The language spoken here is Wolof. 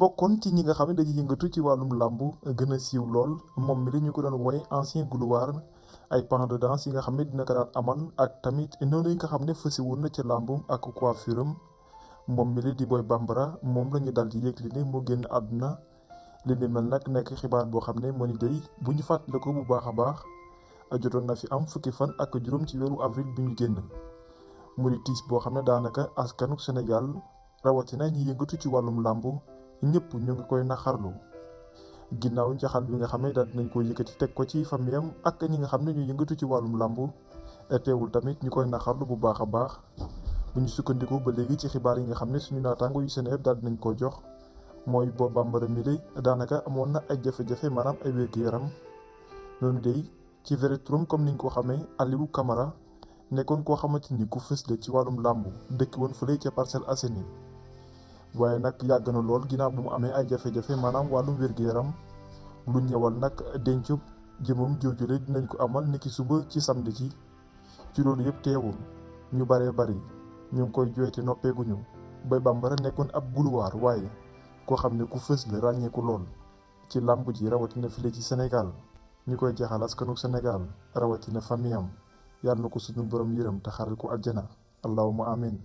bokkoon ci ñi nga xam ne dañuy yëngatu ci wàllum làmb gën a siiw lool moom mi la ñu ko doon woy ancien gloire ay pan de danse yi nga xam ne dina ko daan amal ak tamit noonu yi nga xam ne fësi woon na ca làmbum ak coiffure am moom mi la di Boy Bambara moom la ñu dal di yëgle ne moo génn àdduna li ni mel nag nekk xibaar boo xam ne moo ni day bu ñu fàttale ko baax a baax jotoon na fi am fukki fan ak juróom ci weeru avril bi ñu génn mu boo xam ne daanaka askanu Sénégal rawatina ñi yëngatu ci wàllum làmb ñëpp ñu ngi koy naqarlu ginnaaw njaxat bi nga xam ne daal dinañ ko yëkkati teg ko ci famiyam ak ñi nga xam ne ñu yëngatu ci wàllum làmb teewul tamit ñu koy naqarlu bu baax a baax bu ñu sukkandiku ba léegi ci xibaar yi nga xam ne suñu naataango yu Seneweb daal nañ koo jox mooy Boy Bambara mili daanaka amoon na ay jafe-jafe maanaam ay wér yaram noonu day ci vrai turam comme niñ ko xamee Aliou Camara nekkoon koo xamante ni ku fës ci wàllum làmb dëkk woon fële ca Parcelles Assainies waaye nag yàgg na lool ginaaw bu mu amee ay jafe-jafe maanaam wàllum wér-gu-yaram lu ñëwal nag dencub jëmam joojule dinañ ko amal ki suba ci samedi ci ci loolu yëpp teewul ñu baree bari ñu ngi koy jooyte noppeeguñu Boy Bambara nekkoon ab boulevard waaye koo xam ne ku fës la ràññeeku lool ci làmb ji rawatina file ci Sénégal ñu koy jeexal askanu Sénégal rawatina famille am yàlla na ko suñu borom yërëm te xaral ko aljana allahuma amin